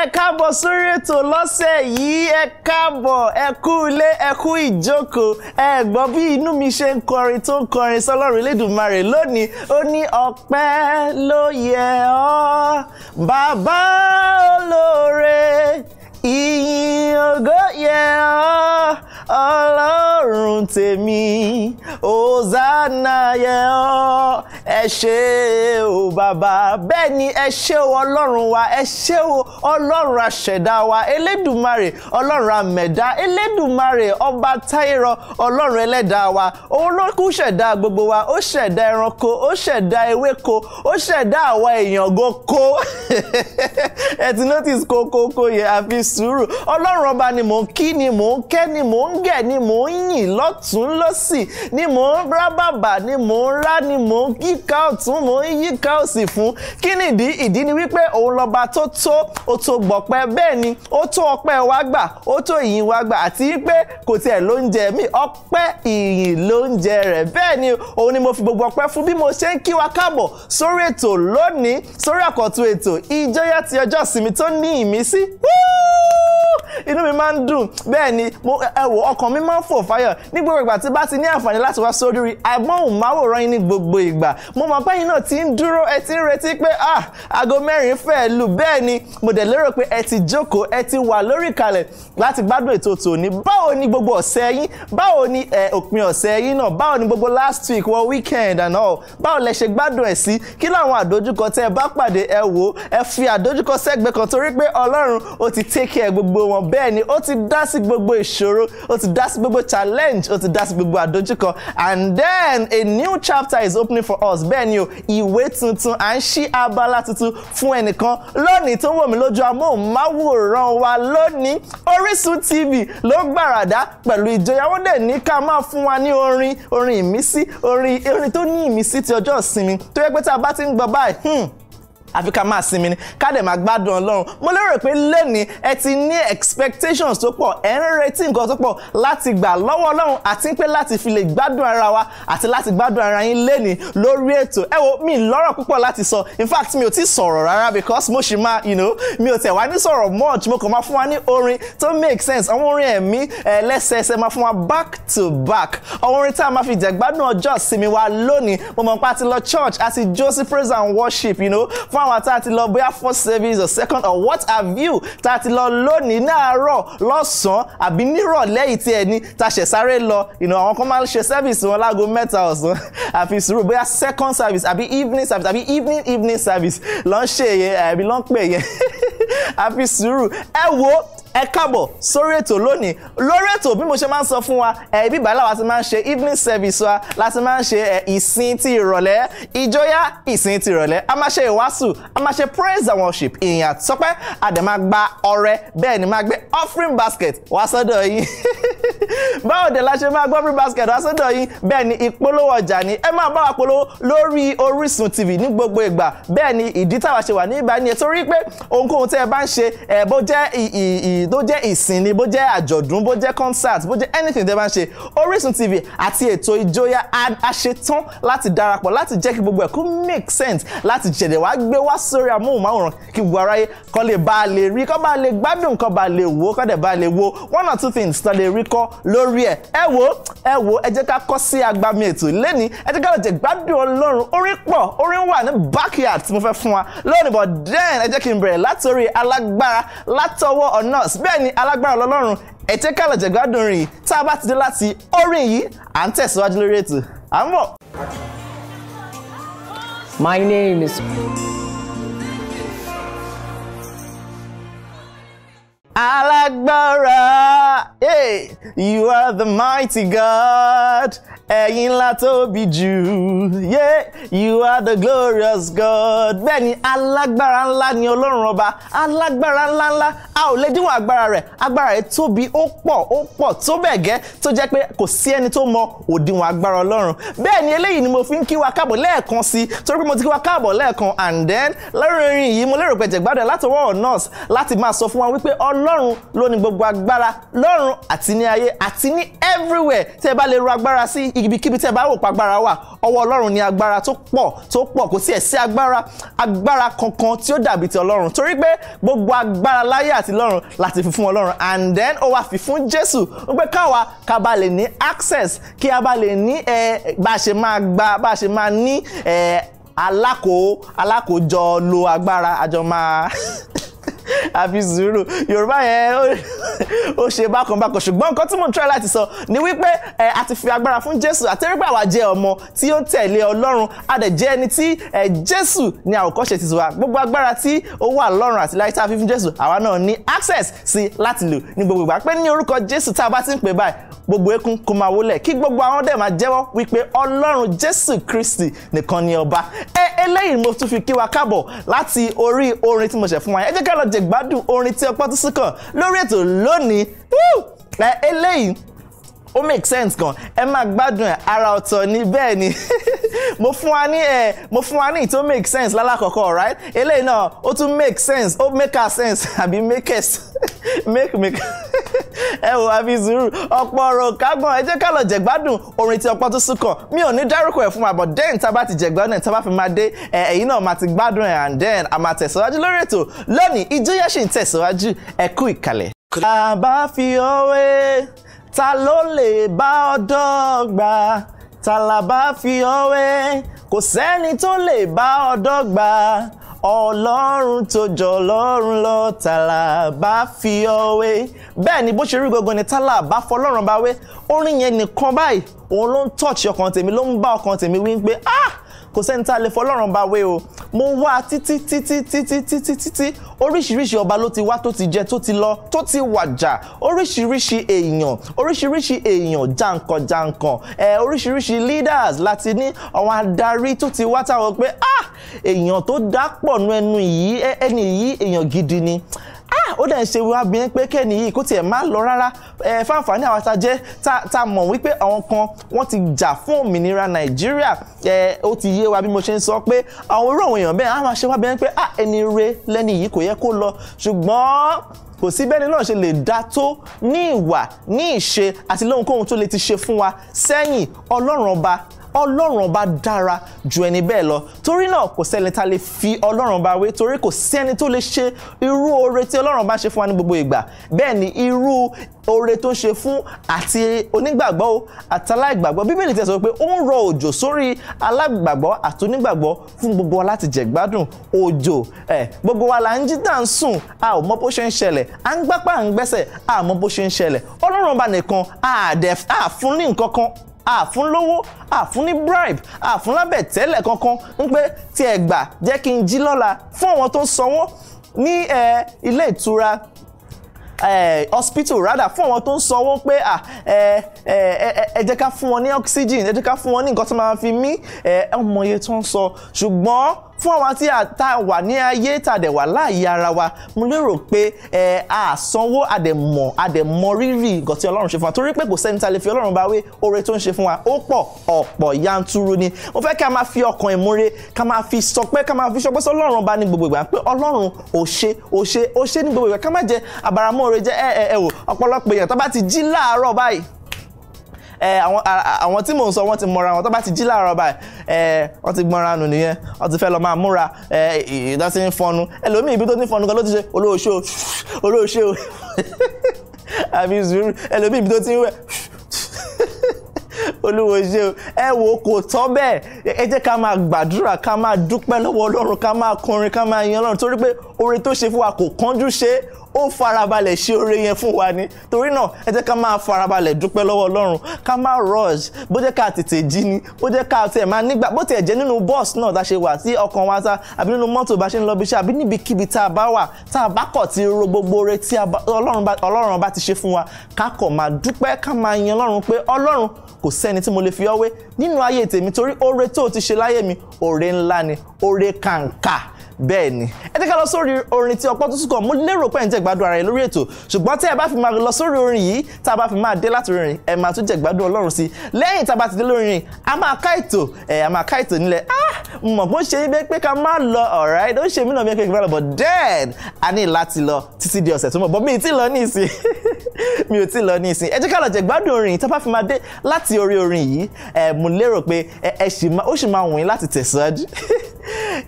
ẹ káàbọ̀ sórí ètò lọ́sẹ̀ yìí ẹ káàbọ̀ ẹ kú ilé ẹ kú ìjókòó ẹ gbọ́ bí inú mi ṣe ń kọrin tó ń kọrin sọlọ́run Elédùmarè lónìí ó ní ọpẹ́ ló yẹ ọ́ bàbá olóore ìyìn ògo yẹ ọ́. ọlọ́run tèmi òzánayẹ ọ́ ẹ ṣé o bàbá bẹ́ẹ̀ ni ẹ ṣé o ọlọ́run wa ẹ ṣé o ọlọ́run aṣẹ̀dá wa elédùmarè ọlọ́run amẹ̀dá elédùmarè ọba táyérọ ọlọ́run ẹlẹ́dàá wa òun ṣẹ̀dá gbogbo wa ó ṣẹ̀dá ẹranko ó ṣẹ̀dá ewéko ó ṣẹ̀dá àwa èèyàn gókó ẹ ti notice kókókó yẹ àfi sùúrù ọlọ́run ọba ni mò ń kí ni mò ń kẹ́ ni mò ń gẹ̀ ni mò ń yìn lọ́tún lọ́sì ni mò ń rábàbà ni mò ń rá ni mò ń kíka ọ̀tún mò ń yíka òsì fún kí nìdí ìdí ni wípé òun lọ́ba tó tó ó tó gbọ̀pẹ́ bẹ́ẹ̀ ni ó tó ọpẹ́ wa gbà ó tó ìyìn wa gbà àti wípé kò tiẹ̀ ló ń jẹ mí ọpẹ́ ìyìn ló ń jẹ rẹ̀ bẹ́ẹ̀ ni òun ni mo fi gbogbo ọpẹ́ fún bí mo ṣe ń kí wa káàbọ̀ sórí ètò lónìí sórí àkọ́tún ètò ìjọyà ti ọjọ́ ìsinmi tó ní ìmísí inú mi máa ń dùn bẹ́ẹ̀ ni mo ẹ wò ọkàn mi máa ń fò fáyọ̀ ní gbogbo ìgbà tí bá ti ní àǹfààní láti wá sórí amóhùnmáwòrán yín ní gbogbo ìgbà mo mọ̀ pé yín náà ti ń dúró ẹ ti ń retí pé ah aago mẹ́rin fẹ́ lù bẹ́ẹ̀ ni mo dẹ̀ lérò pé ẹ ti jókòó ẹ ti wà lórí kalẹ̀ láti gbádùn ètò tòní báwo ni gbogbo ọ̀sẹ̀ yín báwo ni òpin ọ̀sẹ̀ yín náà báwo ni gbogbo last week wọ weekend and all báwo lẹ ṣe gbádùn ẹ̀ sí kí láwọn àdójúkọ tẹ́ ẹ bá pàdé ẹ wò ẹ fi àdójúkọ sẹ́gbẹ̀ẹ́ kan torí pé ọlọ́run ó ti take care gbogbo wọn bẹ́ẹ̀ ni ó ti dá sí gbogbo ìṣòro ó O ti dá sí gbogbo challenge o ti dá sí gbogbo àdójúkọ and then a new chapter is opening for us bẹ́ẹ̀ ni o ìwé tuntun à ń ṣí abala tuntun fún ẹnìkan lónìí tó wò mí lójú amóhùnmáwòrán wa lónìí Orísun TV ló gbàràdá pẹ̀lú ìjọyà wọn dẹ̀ ní ká máa fún wa ní orin orin ìmísí orin orin tó ní ìmísí ti ọjọ́ ìsinmi tó yẹ pé tá a bá ti ń gbọ́ báyìí hmm, àfi ká máa sinmi ni ká dẹ̀ máa gbádùn ọlọ́run mo lérò pé lónìí ẹ ti ní expectations tó pọ̀ ẹ ń retí nǹkan tó pọ̀ láti gbà lọ́wọ́ ọlọ́run àti pé láti fi lè gbádùn ara wa àti láti gbádùn ara yín lónìí lórí ètò ẹ wo mi lọ́rọ̀ púpọ̀ láti sọ in fact mi ò ti sọ̀rọ̀ rárá because mo ṣì máa you know mi ò tẹ̀ wá ní sọ̀rọ̀ much mo kàn máa fún wa ní orin tó make sense àwọn orin ẹ̀mí ẹlẹ́sẹẹsẹ máa fún wa back to back àwọn orin tá a máa fi jẹ̀gbádùn ọjọ́ ìsinmi wa lónìí mo mọ̀ pa ti lọ church àti josie praise and worship you know fún àwọn tá a ti lọ bóyá first service or second or what have you tá a ti lọ lónìí ní àárọ̀ lọ́sàn-án àbí nírọ̀lẹ́ yìí tí ẹ ní tá a ṣẹ̀ sáré lọ ìnà àwọn kan máa ń ṣe service wọn láago mẹ́ta ọ̀sán àfi sùúrù bóyá second service àbí evening service àbí evening evening service lọ́n ṣe yẹn àbí lọ́n pè yẹn àfi sùúrù ẹ wo ẹ káàbọ̀ sórí ètò lónìí lórí ètò bí mo ṣe máa ń sọ fún wa ẹ ibi wa ti máa ń ṣe evening service wa la ti máa ń ṣe ẹ ìsìn ti ìrọ̀lẹ́ ìjọyà ìsìn ti ìrọ̀lẹ́ a máa ṣe ìwàásù a máa ṣe praise and worship ìyìn àtọ́pẹ́ àdèmàgbà ọrẹ bẹ́ẹ̀ ni máa gbé offering basket wá sọ́dọ̀ yín báwo de la ṣe máa gbọ́ free basket wá sọ́dọ̀ yín bẹ́ẹ̀ ni ìpolówó ọjà ni ẹ máa bá wa polówó lórí Orísun TV ní gbogbo ìgbà bẹ́ẹ̀ ni ìdí táwa ṣe wà ní ìgbà ni torí pé ohunkóhun tẹ́ ẹ bá ń ṣe ẹ bó jẹ́ bó jẹ́ ìsìn ni bó jẹ́ àjọ̀dún bó jẹ́ concert bó jẹ́ anything tẹ́ ẹ bá ń ṣe Orísun TV àti ètò ìjóyà a ṣe tán láti darapọ̀ láti jẹ́ kí gbogbo ẹ̀ kó make sense láti jẹ̀dẹ̀ wá gbé wá sórí amóhùnmáwòrán kí gbogbo aráyé kó lè bá a lè rí kó bá a wo one or two things tó lè kọ́ lórí ẹ̀ ẹ wo ẹ wo ẹ jẹ́ ká kọ́ sí agbami ètò lẹ́ni ẹ jẹ́ ká lọ jẹ gbádùn ọlọ́run orin pọ̀ orin wà ní backyard tí mo fẹ́ fún wa lónìí but then ẹ jẹ́ kí n bẹ̀rẹ̀ látòrí alágbára látọwọ́ ọ̀nọ́s bẹ́ẹ̀ ni alágbára ọlọ́run ẹ jẹ́ ká lọ jẹ gbádùn orin tá a bá ti dé láti orin yìí à ń tẹ̀síwájú lórí ètò à ń bọ̀. My name is. Alagbara. Hey, you are the mighty God. ẹ̀yin ńlá tóbi jù yeah you are the glorious God bẹ́ẹ̀ ni alágbára ńlá ni ọlọ́run ọba alágbára ńlá ńlá a ò lè díwọ̀n agbára rẹ̀ agbára rẹ̀ tóbi ó pọ̀ ó pọ̀ tó bẹ́ẹ̀ gẹ́ tó jẹ́ pé kò sí ẹni tó mọ òdiwọ̀n agbára ọlọ́run bẹ́ẹ̀ ni eléyìí ni mo fi ń kí wa káàbọ̀ lẹ́ẹ̀kan sí i torí pé mo ti kí wa káàbọ̀ lẹ́ẹ̀kan and then lórí yìí mo lérò pé jẹ̀gbádùn ẹ̀ láti wọ́ọ̀ nurse láti máa sọ fún wa wípé everywhere tí ẹ bá ibikíbi tẹ́ bá rò pa agbára wà ọwọ́ ọlọ́run ni agbára tó pọ̀ tó pọ̀ kò tiẹ̀ sí agbára agbára kankan tí ó dàbí ti ọlọ́run torí pé gbogbo agbára láyé àti lọ́run láti fi fún ọlọ́run and then ó wá fi fún jésù ó pé káwa ká bá lè ní access kí a bá lè ní ẹ bá a ṣe máa gba bá a ṣe máa ní ẹ alákòó alákòójọ lo agbára àjọ máa àfi zuru yorùbá yẹn ó ṣe bákan bákan ṣùgbọ́n nǹkan tí mo ń tọ́ láti sọ ni wípé ẹ àti fi agbára fún jésù àtẹ́rẹ́gbà wa jẹ́ ọmọ tí ó tẹ̀lé ọlọ́run a dẹ̀ jẹ́ ẹni tí ẹ jésù ni àwòkọ́ṣe ti wà gbogbo agbára tí ó wà lọ́run àti láyé tá a fi fún jésù àwa náà ní access sí láti lò ní gbogbo ìgbà pé ní orúkọ jésù tá a bá ti ń pè báyìí gbogbo eékún kó máa wólẹ̀ kí gbogbo àwọn dẹ̀ máa jẹ́wọ́ wípé ọlọ́run jésù kristi nìkan ni ọba ẹ eléyìí mo tún fi kí wa káàbọ̀ láti orí orin tí mo ṣẹ̀ fún wa yẹn ẹ jẹ́ ká lọ j jẹ gbádùn orin tí ọpọ́ tún sí kàn lórí ètò lónìí eléyìí ó make sense gan ẹ máa gbádùn ẹ ara ọ̀tọ̀ ni bẹ́ẹ̀ ni mo fún wa ní ẹ mo fún wa ní ìtó make sense lálàkọ̀kọ̀ right eléyìí náà ó tún make sense ó make her sense àbí make us make make ẹ wò àfi sùúrù ọ̀pọ̀ ọ̀rọ̀ kágbọ́n ẹ jẹ́ ká lọ jẹ̀gbádùn orin tí ọ̀pọ̀ tó sún kàn mi ò ní dárúkọ ẹ̀ fún wa but then tá a bá ti jẹ̀gbádùn ẹ̀ tá a bá fi máa dé ẹ̀yin náà máa ti gbádùn ẹ̀ and then a máa tẹ̀síwájú lórí ètò lónìí ìjọyà ṣì ń tẹ̀síwájú ẹ kú ìkàlẹ̀. àbá fi òwe ta ló lè bá ọ dọ́gba ta là bá fi òwe kò sẹ́ni tó lè bá ọ dọ́gba ọlọ́run tó jọ ọlọ́run lọ tààlà bá fi ọ wé bẹ́ẹ̀ ni bó ṣe rí gangan ni tààlà bá fọlọ́run bá wé orin yẹn nìkan báyìí òun ló ń tọ́ọ̀ṣì ọkàn tèmi ló ń bá ọkàn tèmi wí pé ah kò sẹ́ni tá a lè fọlọ́run bá wé o mo wá títí títí títí títí títí oríṣiríṣi ọba ló ti wá tó ti jẹ tó ti lọ tó ti wàjà oríṣiríṣi èèyàn oríṣiríṣi èèyàn jàǹkàn jàǹkàn ẹ oríṣiríṣi leaders láti ní àwọn adarí tó ti wá táwọn pé ah èèyàn tó dá pọ̀ nu ẹnu yìí ẹni yìí èèyàn gidi ni Ah, ó dẹ̀ ń ṣe wá bí pé kẹ́ni yìí kó tiẹ̀ má lọ rárá ẹ fáǹfààní àwọn ta jẹ́ ta mọ̀ wípé àwọn kan wọ́n ti jà fún òmìnira nàìjíríà ẹ ó ti yé wa bí mo ṣe ń sọ pé àwọn irú àwọn èèyàn bẹ́ẹ̀ á máa ṣe wá bí pé ah ẹni re lẹ́ni yìí kò yẹ kó lọ ṣùgbọ́n kò sí bẹ́ni náà ṣe lè dá tó ní ìwà ní ìṣe àti lóhunkóhun tó lè ti ṣe fún wa sẹ́yìn ọlọ́run ọba ọlọ́run ọba dára ju ẹni bẹ́ẹ̀ lọ torí náà kò sẹ́ni tá a lè fi ọlọ́run ọba wé torí kò sí ẹni tó lè ṣe irú oore tí ọlọ́run ọba ṣe fún wa ní gbogbo ìgbà bẹ́ẹ̀ ni irú oore tó ń ṣe fún àti onígbàgbọ́ o àtàláìgbàgbọ́ bíbélì tẹ̀ sọ pé ó ń rọ òjò sórí alágbàgbọ́ àti onígbàgbọ́ fún gbogbo wa láti jẹ gbádùn òjò ẹ̀ gbogbo wa là ń jí dà ń sùn a ò mọ bó ṣe ń ṣẹlẹ̀ à ń gbápá à ń gbẹ́sẹ̀ a ò mọ bó ṣe ń ṣẹlẹ̀ ọlọ́run ọba nìkan àdẹ̀ àfúnni nǹkan kan àfún lówó àfún ní bribe àfún lábẹ̀ tẹ́lẹ̀ kankan ń pé tí ẹ gbà jẹ́ kí n jí lọ́la fún àwọn tó ń sanwó ní ilé ìtura eh, hospital rather fún àwọn tó ń sanwó pé ẹ jẹ́ ká fún wọn ní oxygen ẹ jẹ́ ká fún wọn ní nǹkan tó máa fi mí ọmọ iye tó ń sọ ṣùgbọ́n fún àwọn tí a wà ní ayé tàdẹ̀ wà láàyè ara wa mo lérò pé ẹ àsanwó àdẹ̀mọ̀ àdẹ̀mọ̀ rírì nǹkan tí ọlọ́run ṣe fún wa torí pé kò sẹ́ni tá a lè fi ọlọ́run bá wé oore tó ń ṣe fún wa ó pọ̀ ọ̀pọ̀ yanturu ni mo fẹ́ kí a máa fi ọkàn ìmoore ká máa fi sọpẹ́ ká máa fi sọpẹ́ sí ọlọ́run bá ní gbogbo ìgbà pé ọlọ́run ò ṣe ò ṣe ò ṣe ní gbogbo ìgbà ká má jẹ àbàràmọ́ oore jẹ́ ẹ ẹ ẹ wò ọ̀pọ̀lọpọ̀ èèyàn tó bá ti àwọn tí mò ń sọ wọ́n ti mọra wọn tó bá ti jí láàárọ̀ báyìí wọ́n ti gbọ́nra nù nìyẹn wọ́n ti fẹ́ lọ máa múra ìdá sí ń fọnu ẹlòmíì ibi tó ní fọnu kan ló ti ṣe olóòṣe o olóòṣe o àbí zuru ẹlòmíì ibi tó ti ń wẹ̀ olúwo ṣe o ẹ wo kò tọ́ bẹ́ẹ̀ ẹ jẹ́ ká máa gbàdúrà ká máa dúpẹ́ lọ́wọ́ ọlọ́run ká máa kọrin ká máa yan ọlọ́run torí pé oore tó ṣe fún wa kò kánjú ṣe ó farabalẹ̀ ṣe oore yẹn fún wa ni torí náà ẹ jẹ́ ká máa farabalẹ̀ dúpẹ́ lọ́wọ́ ọlọ́run ká máa rush bó jẹ́ ká tètè jí ni bó jẹ́ ká tẹ̀ máa nígbà bó tiẹ̀ jẹ́ nínú bọ́ọ̀sì náà tá a ṣe wà sí ọkàn wa ta àbí nínú mọ́tò bá ṣe ń lọ bí iṣẹ́ àbí níbikíbi tá a bá wà tá a bá kọ̀ ti ro gbogbo oore tí ọlọ́run bá ti ṣe fún wa ká kọ̀ máa dúpẹ́ ká máa yan ọlọ́run pé ọlọ́run kò sẹ́ni tí mo lè fi ọ́ wé nínú ayé tèmi torí oore tó o ti ṣe láyé mi oore ńlá ni oore kàǹkà bẹ́ẹ̀ ni ẹ jẹ́ ká lọ sórí orin tí ọ̀pọ̀ tó sùn kàn mo lérò pé ẹ̀ ń jẹ́ gbádùn ara ẹ̀ lórí ètò ṣùgbọ́n tí ẹ bá fi máa lọ sórí orin yìí tá a bá fi máa dé láti orin ẹ máa tún jẹ́ gbádùn ọlọ́run sí lẹ́yìn tá a bá ti dé lórí yìí a máa ká ètò ẹ̀ a máa ká ètò nílẹ̀ ah mọ̀ bó ṣe yí pé ká má lọ ọ̀rá ṣe mí náà then a ní láti lọ di ọ̀sẹ̀ tó mọ̀ bọ́ mi ì tí lọ ní ìsìn mi ò tí lọ ní ìsìn ẹ jẹ́ ká lọ jẹ gbádùn orin yìí ṣì máa ó yín láti tẹ̀síwájú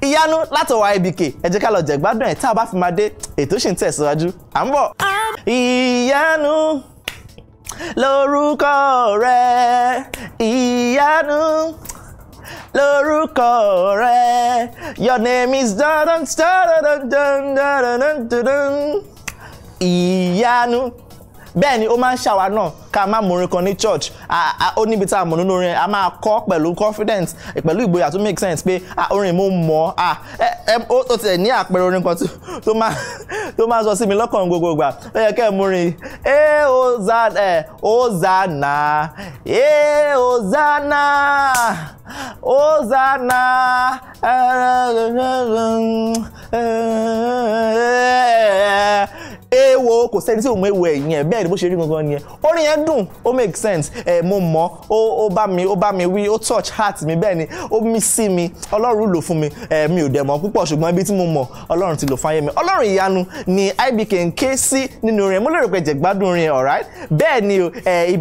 ìyanu látọwọ́ ibk ẹ jẹ́ ká lọ jẹ̀gbádùn ẹ̀ tá a bá fi máa dé ètò ṣì ń tẹ̀síwájú à ń bọ̀. ìyanu lórúkọ rẹ ìyanu lórúkọ rẹ your name is dandan dandan dandan dandan dandan ìyanu. bẹ́ẹ̀ ni ó máa ń ṣàwa náà ká ma morin kan ní church ó níbi tá a mọ̀ nínú orin a máa kọ́ pẹ̀lú confidence pẹ̀lú ìgboyà tó make sense pé orin mo mọ̀ ó tó tiẹ̀ ní àpẹẹrẹ orin kan tó máa sọ sí mi lọ́kàn gbogbo gbà ó yẹ kẹ́ ẹ̀ morin ee Hosanna ee Hosanna èèwọ̀ kò sẹ́ni tí òun èèwọ̀ ẹ̀yìn ẹ̀ bẹ́ẹ̀ ni bó ṣe rí gangan nìyẹn orin yẹn dùn ó make sense ẹ̀ mo mọ̀ ó ó bá mi ó bá mi wí ó touch heart mi bẹ́ẹ̀ ni ó mí sí mi ọlọ́run lò fún mi ẹ̀ mi ò dẹ̀ mọ̀ púpọ̀ ṣùgbọ́n ibi tí mo mọ̀ ọlọ́run ti lò fún ayé mi ọlọ́run ìyanu ni IBK ń ké sí nínú orin mo lérò pé jẹ̀ gbádùn orin alright bẹ́ẹ̀ ni ẹ̀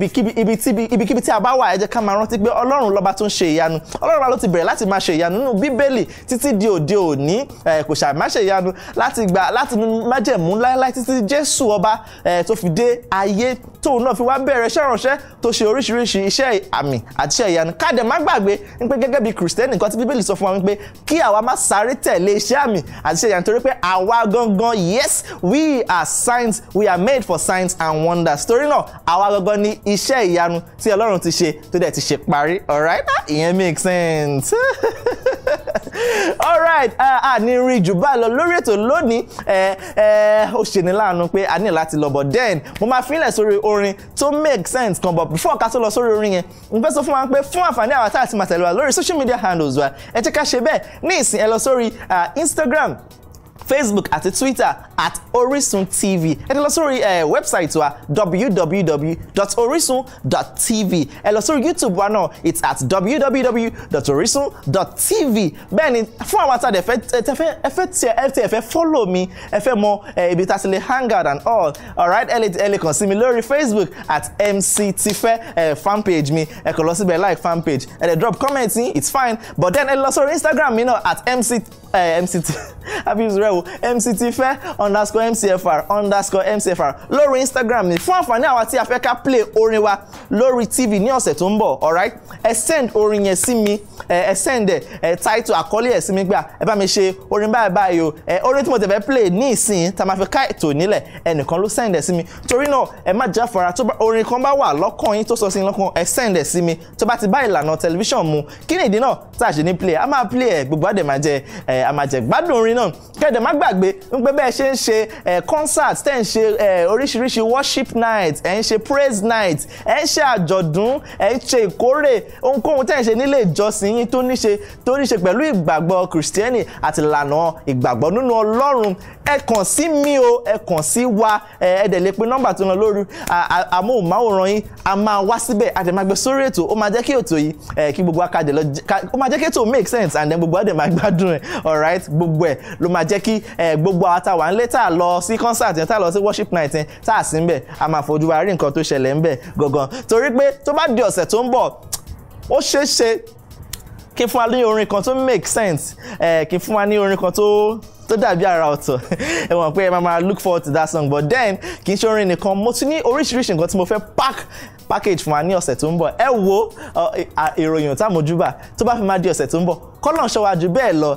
ibikíbi tí a bá wà ẹ jẹ́ ká máa rántí pé ọlọ́run lọ́ba tó ń ṣe ìyanu ọlọ́run bá ló ti bẹ̀rẹ̀ láti máa ṣe ìyanu nínú bíbélì títí di òde òní kò ṣàmáṣe ìyanu láti gbà láti májẹ̀mú láíláí títí jésù ọba tó fi dé ayé tóun náà fi wá bẹ̀rẹ̀ iṣẹ́ ìránṣẹ́ tó ṣe oríṣiríṣi iṣẹ́ àmì àti iṣẹ́ ìyanu káàdẹ̀ má gbàgbé wípé gẹ́gẹ́ bí kìrìsìtẹ́nì nǹkan tí bíbélì sọ fún wa wípé kí àwa má sáré tẹ̀lé iṣẹ́ àmì àti iṣẹ́ ìyanu torí pé àwa gangan yes we are signs we are made for signs and wonders torí náà àwa gangan ni iṣẹ́ ìyanu tí ọlọ́run ti ṣe tó dẹ̀ ti ṣe parí alright ah, ìyẹn make sense. all right a ní rí jù bá lọ lórí ètò lónìí ó ṣe ní láàánú pé a ní láti lọ bọ̀ then mo máa fílẹ̀ sórí orin tó make sense kan but before ká tó lọ sórí orin yẹn n fẹ́ sọ fún wa pé fún àǹfààní àwọn tá a wa lórí social media handles wa ẹ jẹ́ ká ṣe bẹ́ẹ̀ ní ìsìn ẹ lọ sórí Instagram facebook àti twitter at orisun tv ẹ ti lọ sórí wẹ́bsáìtì wa www.orisun.tv ẹ lọ sórí youtube wa náà it's at www.orisun.tv bẹ́ẹ̀ ni fún àwọn àtàdé ẹ fẹ́ follow mi ẹ fẹ́ mọ ibi tá a ti lè hang out and all alright ẹ lè kàn sí mi lórí facebook at mc tife fan page mi ẹ kàn lọ síbẹ̀ like fan page ẹ lè drop comment yín it's fine but then ẹ lọ sórí instagram mi náà at mc mc abi israel rẹ o mc ti fẹ́ underscore mcfr underscore mcfr lórí instagram ni fún àǹfààní àwa tí a fẹ́ ká play orin wa lórí tv ní ọ̀sẹ̀ tó ń bọ̀ alright ẹ send orin yẹn sí mi ẹ send ẹ title àkọlé ẹ̀ sí mi gbà ẹ bá mi ṣe orin báyìí báyìí o ẹ orin tí mo tẹ̀ fẹ́ play ní ìsìn tá a máa fi ká ètò nílẹ̀ ẹnìkan ló send ẹ̀ sí mi torí náà ẹ má jáfara tó bá orin kan bá wà lọ́kàn yín tó sọ sí lọ́kàn ẹ send ẹ̀ sí mi tó bá ti bá ìlànà tẹlifíṣàn mu kí ni ìdí náà tá a ṣe ní play a máa play ẹ gbogbo àdèmàjẹ ẹ àmàjẹ gbádùn orin náà kẹ́d dẹ̀ má gbàgbé ń pé bẹ́ẹ̀ ṣe ń ṣe concert tẹ́ ń ṣe oríṣiríṣi worship night ẹ̀ ń ṣe praise night ẹ̀ ń ṣe àjọ̀dún ẹ̀ ń ṣe ìkórè ohunkóhun tẹ́ ń ṣe nílé ìjọsìn yín tó ní ṣe tó ní ṣe pẹ̀lú ìgbàgbọ́ kìrìsìtẹ́nì àti ìlànà ìgbàgbọ́ nínú ọlọ́run ẹ kàn sí mi o ẹ kàn sí wa ẹ dẹ̀ lè pe nọ́mbà tó ń lọ lórí amóhùnmáwòrán yín a máa wá síbẹ̀ a dẹ̀ máa gbé sórí ètò ó máa jẹ́ kí ètò yìí kí gbogbo akadẹ̀ lọ ó máa jẹ́ kí ètò make sense and then gbogbo àdẹ̀ máa gbádùn ẹ̀ alright gbogbo ẹ̀ ló máa jẹ́ kí gbogbo àwọn tá a wà ń lé tá a lọ sí concert yẹn tá a lọ sí worship night yẹn tá a sí ń bẹ̀ a máa fojú wa rí nǹkan tó ṣẹlẹ̀ ń bẹ̀ gangan torí pé tó bá di ọ̀sẹ̀ tó ń bọ̀ ó ṣeé ṣe kí n fún wa ní orin kan tó make sense kí n fún wa ní orin kan tó tó dàbí ara ọ̀tọ̀ ẹ mọ̀ pé ẹ máa máa look forward to that song but then kì í ṣe orin nìkan mo tún ní oríṣiríṣi nǹkan tí mo fẹ́ pack package fún wa ní ọ̀sẹ̀ tó ń bọ̀ ẹ wo ìròyìn tá mojúbà tó bá fi máa di ọ̀sẹ̀ tó ń bọ̀ kọ́lọ́n ṣọ́wájú bẹ́ẹ̀ lọ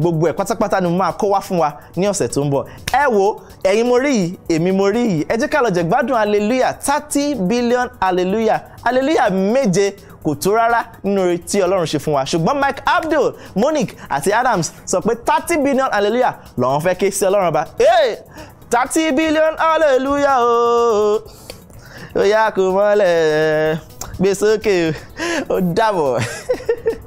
gbogbo ẹ̀ pátápátá ni mo máa kó wá fún wa ní ọ̀sẹ̀ tó ń bọ̀ ẹ wo ẹ̀yin mo rí yìí èmi mo rí yìí ẹ jẹ́ ká lọ jẹ gbádùn hallelujah thirty billion hallelujah hallelujah méje kò tó rárá nínú oore tí ọlọ́run ṣe fún wa ṣùgbọ́n mike abdul monique àti adams sọ pé thirty billion hallelujah lọ́wọ́n fẹ́ ké sí ọlọ́run ọba thirty billion hallelujah ooo. Oh ó yá kò mọ́lẹ̀ gbé sókè ó dàbọ̀.